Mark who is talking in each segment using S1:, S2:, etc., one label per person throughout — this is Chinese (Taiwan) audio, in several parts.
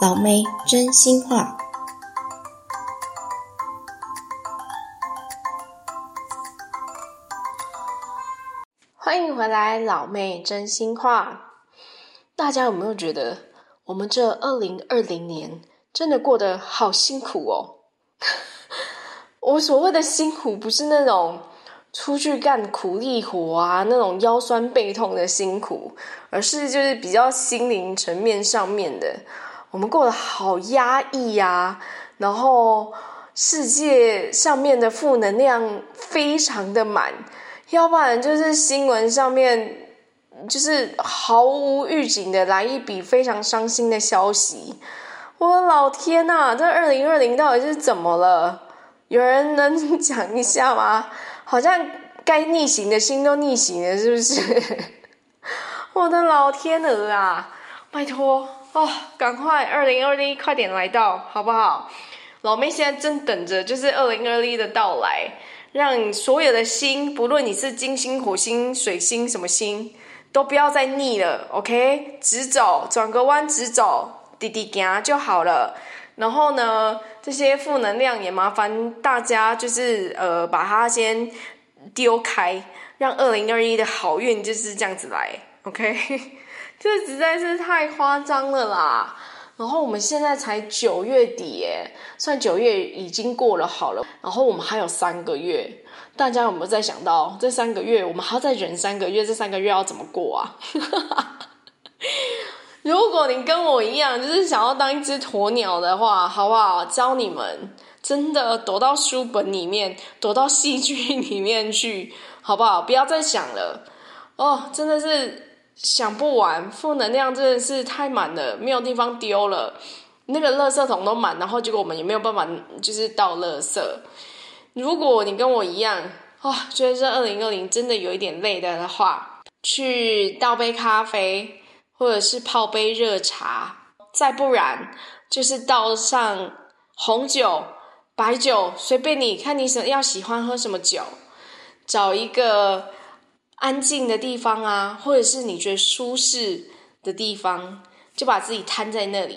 S1: 老妹，真心話。歡迎回來，老妹，真心話。大家有沒有覺得我們這二零二零年真的過得好辛苦哦？ 我所謂的辛苦，不是那種出去幹苦力活啊，那種腰酸背痛的辛苦，而是就是比較心靈層面上面的。我們過得好壓抑呀，啊，然後世界上面的負能量非常的滿，要不然就是新聞上面就是毫無預警的來一筆非常傷心的消息。我的老天吶，啊，這二零二零到底是怎麼了？有人能講一下嗎？好像該逆行的心都逆行了，是不是？ 我的老天鵝啊，拜託！哦，趕快二零二一快點來到，好不好？老妹現在正等着，就是二零二一的到來，讓所有的星，不論你是金星、火星、水星什麼星，都不要再逆了，OK？直走，轉個彎，直走，滴滴嘎就好了。然後呢，這些負能量也麻煩大家，就是呃，把它先丟開，讓二零二一的好運就是這樣子來。OK，這實在是太誇張了啦！然後我們現在才九月底，耶，算九月已經過了，好了。然後我們還有三個月，大家有沒有在想到這三個月我們還要再忍三個月？這三個月要怎麼過啊？ 如果你跟我一樣，就是想要當一隻鴕鳥的話，好不好？教你們真的躲到書本裡面，躲到戲劇裡面去，好不好？不要再想了哦，真的是。想不完，負能量真的是太滿了，沒有地方丟了，那個垃圾桶都滿，然後結果我們也沒有辦法，就是倒垃圾。如果你跟我一樣，啊、哦，覺得這二零二零真的有一點累的話，去倒杯咖啡，或者是泡杯熱茶，再不然就是倒上紅酒、白酒，隨便你看你，你想要喜歡喝什麼酒，找一個。安靜的地方啊，或者是你覺得舒適的地方，就把自己癱在那裡。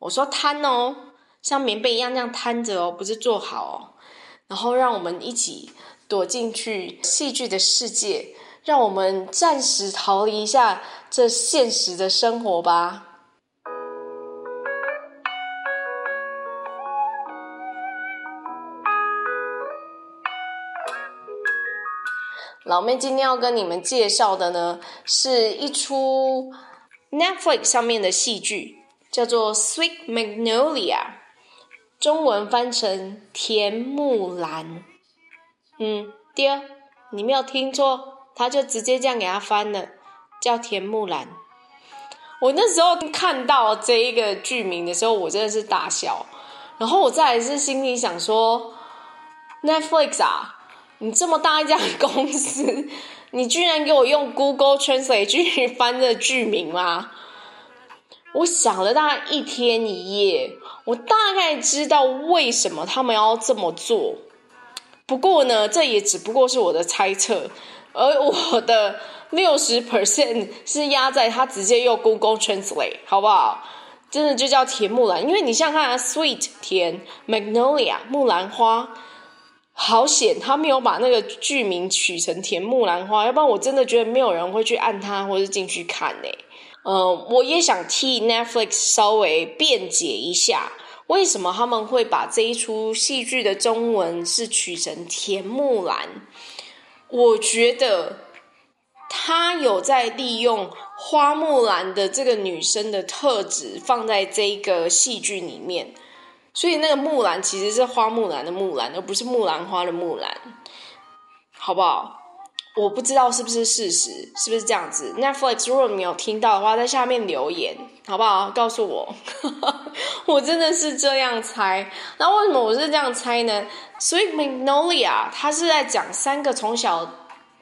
S1: 我說癱哦，像棉被一樣那樣癱着哦，不是坐好哦。然後讓我們一起躲進去戲劇的世界，讓我們暫時逃離一下這現實的生活吧。老妹，今天要跟你們介紹的呢，是一出 Netflix 上面的戲劇，叫做《Sweet Magnolia》，中文翻成《甜木蘭》。嗯，第二，你沒有聽錯，他就直接這樣給他翻的，叫《甜木蘭》。我那時候看到這一個劇名的時候，我真的是大笑。然後我再來是心裡想說，Netflix 啊。你這麼大一家公司，你居然給我用 Google Translate 去翻這個劇名嗎？我想了大概一天一夜，我大概知道為什麼他們要這麼做。不過呢，這也只不過是我的猜測，而我的六十 percent 是壓在他直接用 Google Translate，好不好？真的就叫甜木蘭，因為你像它、啊、Sweet 甜 Magnolia 木蘭花。好險，他沒有把那個劇名取成《甜木蘭花》，要不然我真的覺得沒有人會去按它或者進去看呢、欸。嗯、呃，我也想替 Netflix 稍微辯解一下，為什麼他們會把這一出戲劇的中文是取成《甜木蘭》？我覺得他有在利用花木蘭的這個女生的特質，放在這個戲劇裡面。所以那個木蘭其實是花木蘭的木蘭，而不是木蘭花的木蘭，好不好？我不知道是不是事實，是不是這樣子？Netflix，如果你有聽到的話，在下面留言，好不好？告訴我， 我真的是這樣猜。那為什麼我是這樣猜呢？Sweet Magnolia，它是在講三個從小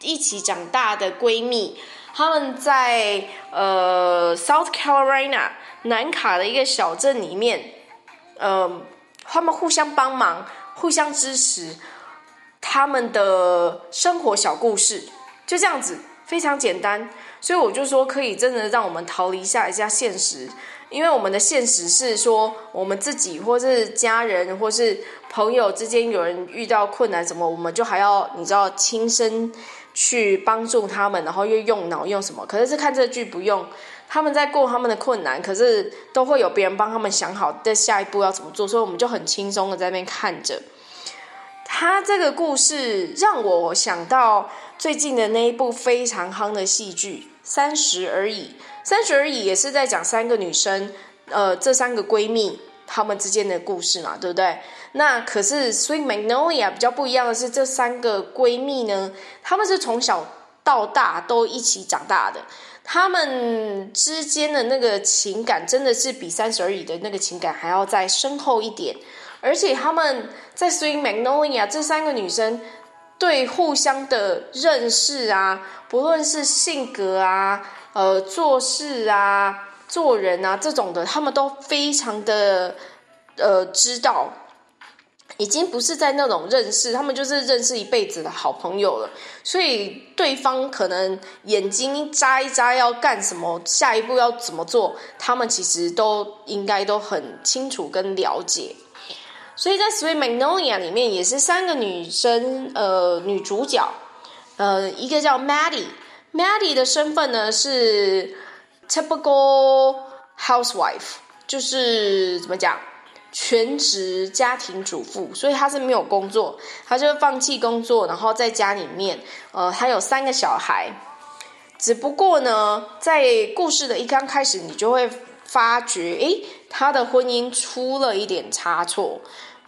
S1: 一起長大的閨蜜，她們在呃 South Carolina 南卡的一個小鎮裡面。嗯、呃，他們互相幫忙，互相支持，他們的生活小故事就這樣子，非常簡單。所以我就說，可以真的讓我們逃離一下一下現實，因為我們的現實是說，我們自己或是家人或是朋友之間有人遇到困難什麼，我們就還要你知道親身。去幫助他們，然後又用腦用什麼？可是是看這劇不用，他們在過他們的困難，可是都會有別人幫他們想好的下一步要怎麼做，所以我們就很輕鬆的在那邊看着。他這個故事讓我想到最近的那一部非常夯的戲劇《三十而已》，《三十而已》也是在講三個女生，呃，這三個閨蜜。她們之間的故事嘛，對不對？那可是，Sweet Magnolia 比較不一樣的是，這三個閨蜜呢，她們是從小到大都一起長大的，她們之間的那個情感真的是比三十而已的那個情感還要再深厚一點。而且，她們在《Sweet Magnolia》這三個女生對互相的認識啊，不論是性格啊，呃，做事啊。做人啊，這種的，他們都非常的呃，知道，已經不是在那種認識，他們就是認識一輩子的好朋友了。所以對方可能眼睛眨一眨要幹什麼，下一步要怎麼做，他們其實都應該都很清楚跟了解。所以在《Sweet Magnolia》裡面，也是三個女生，呃，女主角，呃，一個叫 Maddie，Maddie 的身份呢是。Typical housewife 就是怎麼講，全職家庭主婦，所以她是沒有工作，她就放棄工作，然後在家裡面，呃，她有三個小孩。只不過呢，在故事的一剛開始，你就會發覺，誒，她的婚姻出了一點差錯，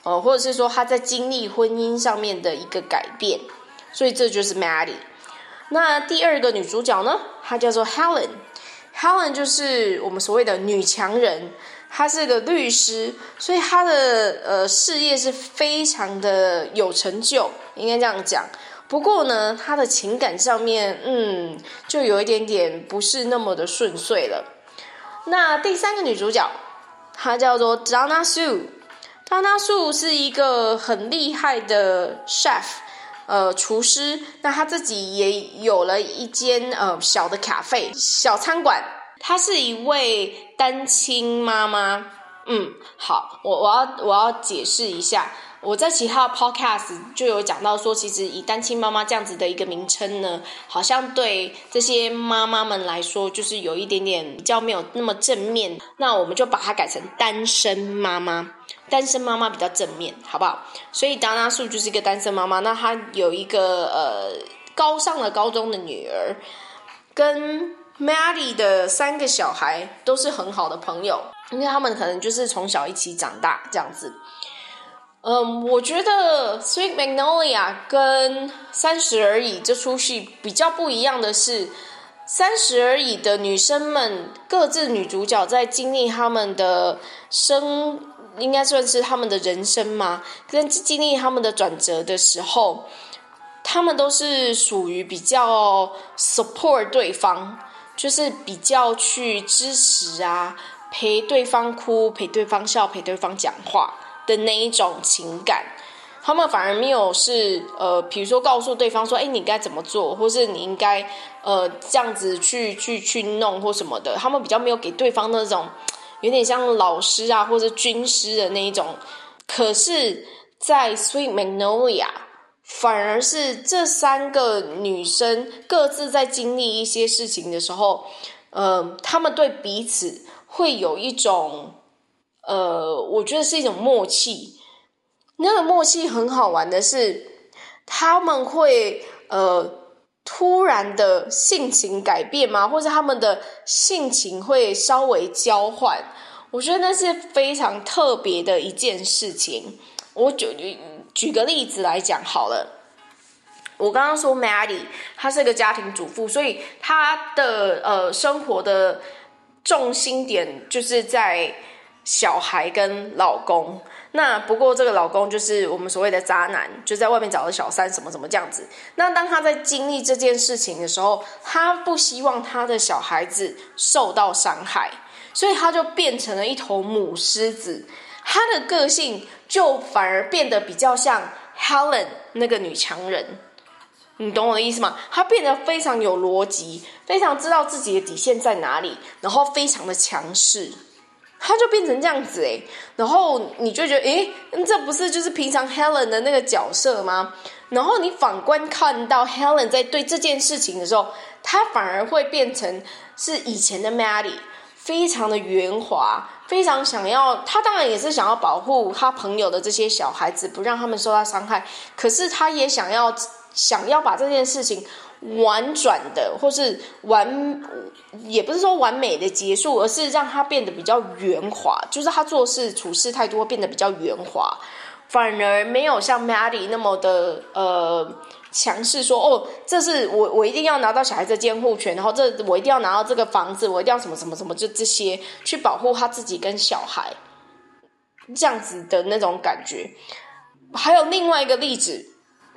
S1: 呃，或者是說她在經歷婚姻上面的一個改變，所以這就是 Maddie。那第二個女主角呢，她叫做 Helen。Helen 就是我們所謂的女強人，她是個律師，所以她的呃、事業是非常的有成就，應該這樣講。不過呢，她的情感上面，嗯，就有一點點不是那麼的順遂了。那第三個女主角，她叫做 Dana Sue，Dana Sue 是一個很厲害的 chef。呃，廚師，那他自己也有了一間呃小的咖啡小餐館。她是一位單親媽媽。嗯，好，我我要我要解釋一下，我在其他 podcast 就有講到說，其實以單親媽媽這樣子的一個名稱呢，好像對這些媽媽們來說，就是有一點點比較沒有那麼正面。那我們就把它改成單身媽媽。單身媽媽比較正面，好不好？所以達拉素就是一個單身媽媽，那她有一個呃高上了高中的女兒，跟 Maddie 的三個小孩都是很好的朋友，因為他們可能就是從小一起長大這樣子。嗯、呃，我覺得《Sweet Magnolia》跟《三十而已》這出戲比較不一樣的是，《三十而已》的女生們各自女主角在經歷她們的生。應該算是他們的人生嘛？跟經歷他們的轉折的時候，他們都是屬於比較 support 對方，就是比較去支持啊，陪對方哭，陪對方笑，陪對方講話的那一種情感。他們反而沒有是呃，比如說告訴對方說：“哎，你該怎麼做，或是你應該呃這樣子去去去弄或什麼的。”他們比較沒有給對方那種。有點像老師啊，或者軍師的那一種，可是，在 Sweet Magnolia 反而是這三個女生各自在經歷一些事情的時候，嗯、呃，她們對彼此會有一種，呃，我覺得是一種默契。那個默契很好玩的是，他們會，呃。突然的性情改變嗎？或者他們的性情會稍微交換？我覺得那是非常特別的一件事情。我就舉舉，舉個例子來講好了。我剛剛說 Maddie，她是一個家庭主婦，所以她的呃生活的重心點就是在。小孩跟老公，那不過這個老公就是我們所謂的渣男，就在外面找了小三，什麼什麼這樣子。那當他在經歷這件事情的時候，他不希望他的小孩子受到傷害，所以他就變成了一頭母獅子，他的個性就反而變得比較像 Helen 那個女強人。你懂我的意思嗎？他變得非常有邏輯，非常知道自己的底線在哪裡，然後非常的強勢。他就變成這樣子誒、欸、然後你就覺得，哎、欸，這不是就是平常 Helen 的那個角色嗎？然後你反觀看到 Helen 在對這件事情的時候，他反而會變成是以前的 Maddie，非常的圓滑，非常想要。他當然也是想要保護他朋友的這些小孩子，不讓他們受到傷害。可是他也想要想要把這件事情。婉轉的，或是完，也不是說完美的結束，而是讓他變得比較圓滑，就是他做事處事態度會變得比較圓滑，反而沒有像 Maddie 那麼的呃強勢說，說哦，這是我我一定要拿到小孩子的監護權，然後這我一定要拿到這個房子，我一定要什麼什麼什麼，就這些去保護他自己跟小孩，這樣子的那種感覺。還有另外一個例子。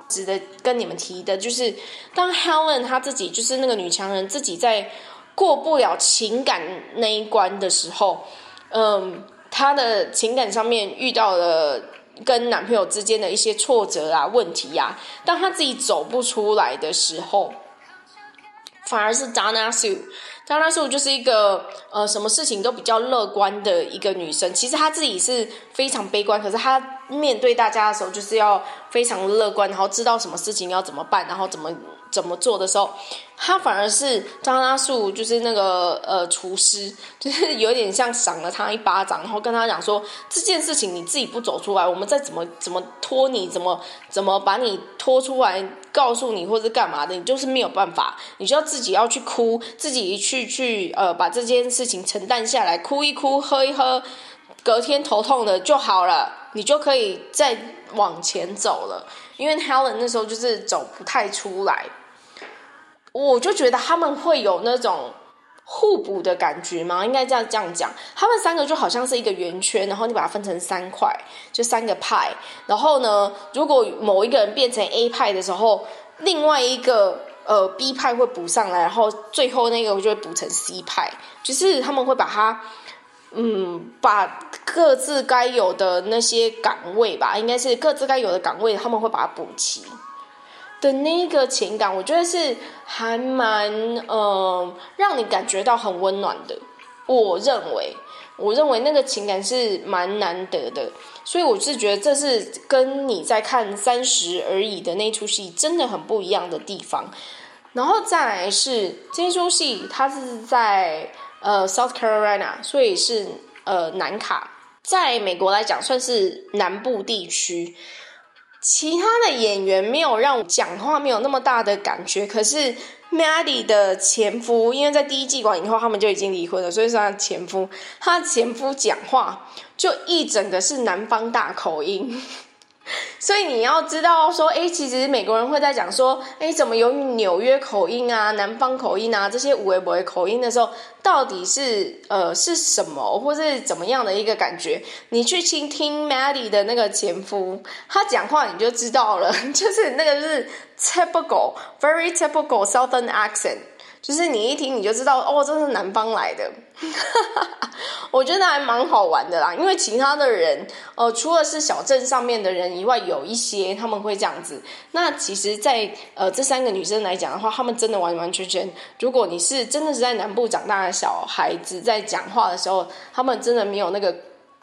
S1: 值得跟你們提的就是，當 Helen 她自己就是那個女強人自己在過不了情感那一關的時候，嗯，她的情感上面遇到了跟男朋友之間的一些挫折啊、問題呀、啊，當她自己走不出來的時候，反而是 Dana Sue，Dana Sue 就是一個呃，什麼事情都比較樂觀的一個女生。其實她自己是非常悲觀，可是她。面對大家的時候，就是要非常樂觀，然後知道什麼事情要怎麼辦，然後怎麼怎麼做的時候，他反而是張拉樹就是那個呃廚師，就是有點像賞了他一巴掌，然後跟他講說，這件事情你自己不走出來，我們再怎麼怎麼拖你怎麼怎麼把你拖出來，告訴你或者幹嘛的，你就是沒有辦法，你就要自己要去哭，自己去去呃把這件事情承擔下來，哭一哭，喝一喝，隔天頭痛的就好了。你就可以再往前走了，因為 Helen 那時候就是走不太出來，我就覺得他們會有那種互補的感覺嘛，應該這樣這樣講。他們三個就好像是一個圓圈，然後你把它分成三塊，就三個派。然後呢，如果某一個人變成 A 派的時候，另外一個呃 B 派會補上來，然後最後那個就會補成 C 派，就是他們會把它。嗯，把各自該有的那些崗位吧，應該是各自該有的崗位，他們會把它補齊的。那個情感，我覺得是還蠻嗯、呃，讓你感覺到很溫暖的。我認為，我認為那個情感是蠻難得的，所以我是覺得這是跟你在看《三十而已》的那出戲真的很不一樣的地方。然後再來是，這出戲它是在。呃、uh,，South Carolina，所以是呃、uh, 南卡，在美國來講算是南部地區。其他的演員沒有讓我講話沒有那麼大的感覺，可是 Maddie 的前夫，因為在第一季完以後他們就已經離婚了，所以是他前夫，他前夫講話就一整個是南方大口音。所以你要知道說，欸，其實美國人會在講說，欸，怎麼有紐約口音啊、南方口音啊這些五味不味口音的時候，到底是呃是什麼，或是怎麼樣的一個感覺？你去傾聽 Maddie 的那個前夫，他講話，你就知道了，就是那個是 typical，very typical southern accent。就是你一聽你就知道哦，這是南方來的， 我覺得還蠻好玩的啦。因為其他的人，呃，除了是小鎮上面的人以外，有一些他們會這樣子。那其實在，在呃這三個女生來講的話，他們真的完完全全，如果你是真的是在南部長大的小孩子，在講話的時候，他們真的沒有那個，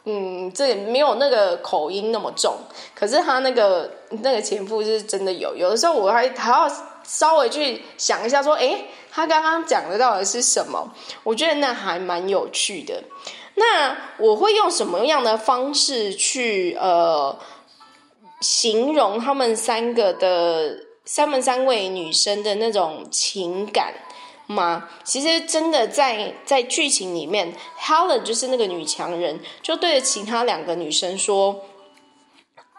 S1: 嗯，這沒有那個口音那麼重。可是他那個那個前夫就是真的有，有的時候我還還要稍微去想一下，說，哎，他剛剛講的到底是什麼？我覺得那還蠻有趣的。那我會用什麼樣的方式去呃形容他們三個的，三們三位女生的那種情感嗎？其實真的在在劇情裡面，Helen 就是那個女強人，就對着其他兩個女生說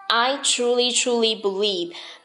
S1: ：“I truly truly believe。”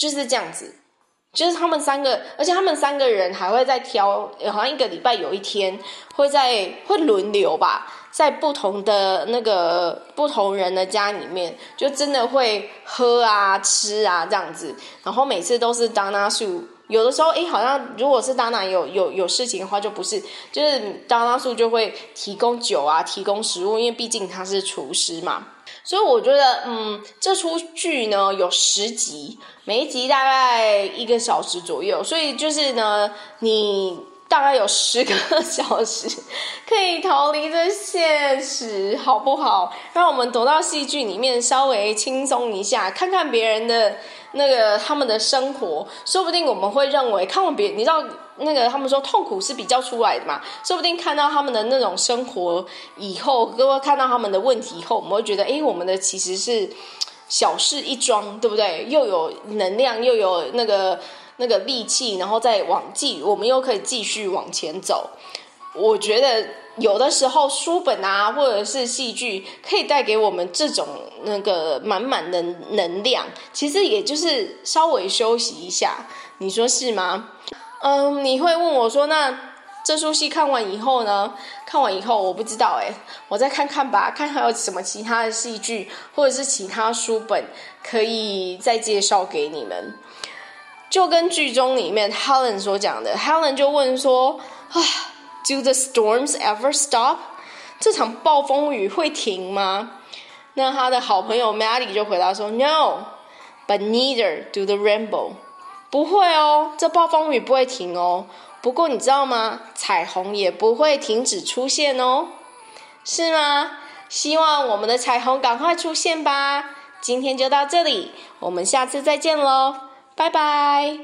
S1: 就是這樣子，就是他們三個，而且他們三個人還會在挑，好像一個禮拜有一天會在會輪流吧，在不同的那個不同人的家裡面，就真的會喝啊、吃啊這樣子。然後每次都是 Dana Sue，有的時候誒、欸、好像如果是 Dana 有有有事情的話，就不是，就是 Dana Sue 就會提供酒啊、提供食物，因為畢竟他是廚師嘛。所以我覺得，嗯，這齣劇呢有十集，每一集大概一個小時左右，所以就是呢，你大概有十個小時可以逃離這現實，好不好？讓我們躲到戲劇裡面，稍微輕鬆一下，看看別人的。那個他們的生活，說不定我們會認為，看過別人，你知道，那個他們說痛苦是比較出來的嘛，說不定看到他們的那種生活以後，如果看到他們的問題以後，我們會覺得，哎，我們的其實是小事一樁，對不對？又有能量，又有那個那個力氣，然後再往繼，我們又可以繼續往前走。我覺得有的時候書本啊，或者是戲劇，可以帶給我們這種那個滿滿的能量。其實也就是稍微休息一下，你說是嗎？嗯，你會問我說，那這出戲看完以後呢？看完以後我不知道，欸，誒我再看看吧，看，看還有什麼其他的戲劇，或者是其他書本可以再介紹給你們。就跟劇中裡面 Helen 所講的，Helen 就問說啊。Do the storms ever stop？這場暴風雨會停嗎？那他的好朋友 Maddie 就回答說：“No, but neither do the rainbow。”不會哦，這暴風雨不會停哦。不過你知道嗎？彩虹也不會停止出現哦，是嗎？希望我們的彩虹趕快出現吧。今天就到這裡，我們下次再見嘍，拜拜。